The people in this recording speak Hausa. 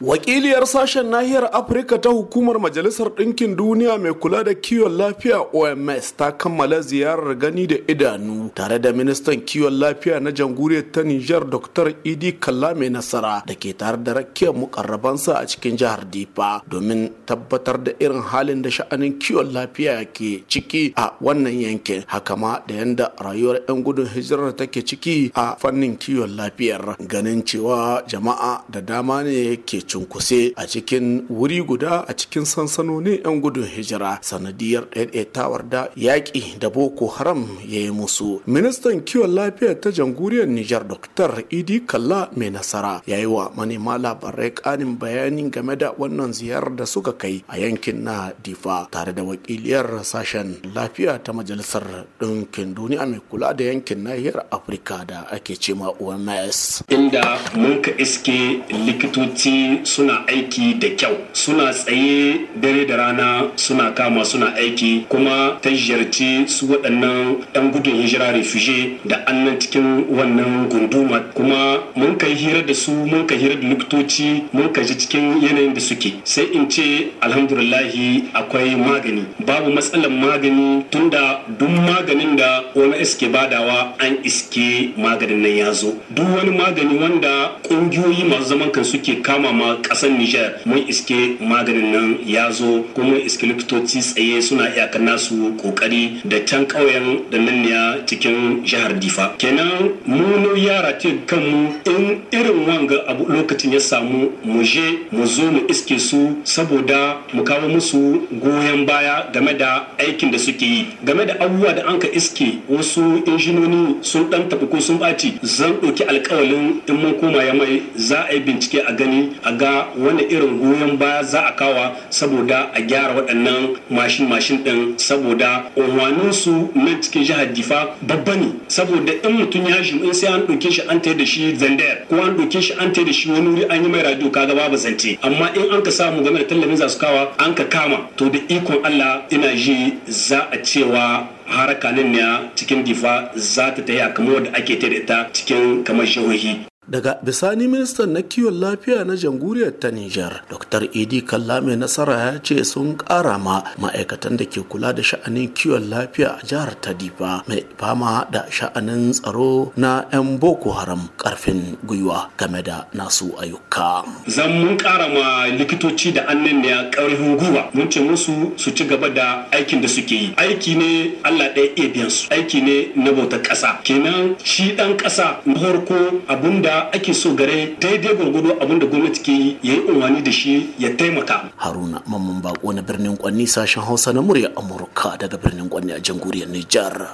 Wakiliyar sashen nahiyar Afirka ta hukumar Majalisar Ɗinkin Duniya mai kula da kiwon lafiya OMS ta kammala ziyarar gani da idanu tare da ministan kiwon lafiya na jamhuriyar ta Nijar Dr. Idi Kalla mai nasara da ke tare da rakiyar mukarrabansa a cikin jihar Difa domin tabbatar da irin halin da sha'anin kiwon lafiya ke ciki a wannan yankin haka ma da yanda rayuwar 'yan gudun hijirar take ciki a fannin kiwon lafiyar ganin cewa jama'a da dama ne ke cunkuse a cikin wuri guda a cikin sansanonin 'yan gudun hijira sanadiyar ɗaiɗaitawar da yaƙi da boko haram ya yi musu ministan kiwon lafiya ta jamhuriyar nijar dr idi kalla mai nasara ya yi wa manema labarai ƙanin bayani game da wannan ziyarar da suka kai a yankin na difa tare da wakiliyar sashen lafiya ta majalisar ɗinkin duniya mai kula da yankin nahiyar afirka da ake cema oms inda mun ka iske likitoci suna aiki da kyau suna tsaye dare da rana suna kama suna aiki kuma ta ziyarci su waɗannan 'yan gudun hijira refuge da annan cikin wannan gunduma kuma mun kai hira da su mun kai hira da likitoci mun kai cikin yanayin da suke sai in ce alhamdulillahi akwai magani babu matsalan magani tunda duk maganin da wani iske badawa an iske maganin nan ya zo duk wani magani wanda ƙungiyoyi masu zaman kan suke kama ma. kuma ƙasar Nijar mun iske maganin nan ya zo kuma iske likitoci tsaye suna iyakar nasu kokari da can kauyen da nan ne cikin jihar Difa. Kenan mu yara ce kanmu in irin wanga abu lokacin ya samu mu je mu zo mu iske su saboda mu kawo musu goyon baya game da aikin da suke yi game da abubuwa da an ka iske wasu injinoni sun dan tafi ko sun ɓaci zan ɗauki alkawalin in mun koma ya mai za a yi bincike a gani a ga wani irin goyon baya za a kawa saboda a gyara waɗannan mashin mashin ɗin saboda unwaninsu na cikin jihar difa babba ne saboda in mutum ya shi in sai an ɗauke shi an da shi zandayar ko an ɗauke shi an tayar da shi wani wuri an yi mai radio kaga babu zance amma in an ka samu game da tallafin za su kawa an ka kama to da ikon Allah ina ji za a cewa haraka nan ne cikin difa za ta ta a kamar wadda ake ta da ita cikin kamar shahohi daga bisani ministan na kiwon lafiya na jamhuriyar ta Nijar Dr. Idi Kalla mai nasara ya ce sun ƙara ma ma'aikatan da ke kula da sha'anin kiwon lafiya a jihar ta Difa mai fama da sha'anin tsaro na 'yan Boko Haram ƙarfin gwiwa game da nasu ayyuka. Zan mun ƙara ma likitoci da annan da ƙarfin gwiwa mun ce musu su ci gaba da aikin da suke yi. Aiki ne Allah ɗaya iya biyan su. Aiki ne na bautar ƙasa. Kenan shi ɗan ƙasa na farko abunda da ake so gare daidai gwargwado abin da gwamnati ke ya yi umarni da shi ya taimaka. Haruna Mamman Bako na birnin Kwanni sashen Hausa na murya Amurka daga birnin Kwanni a jamhuriyar Nijar.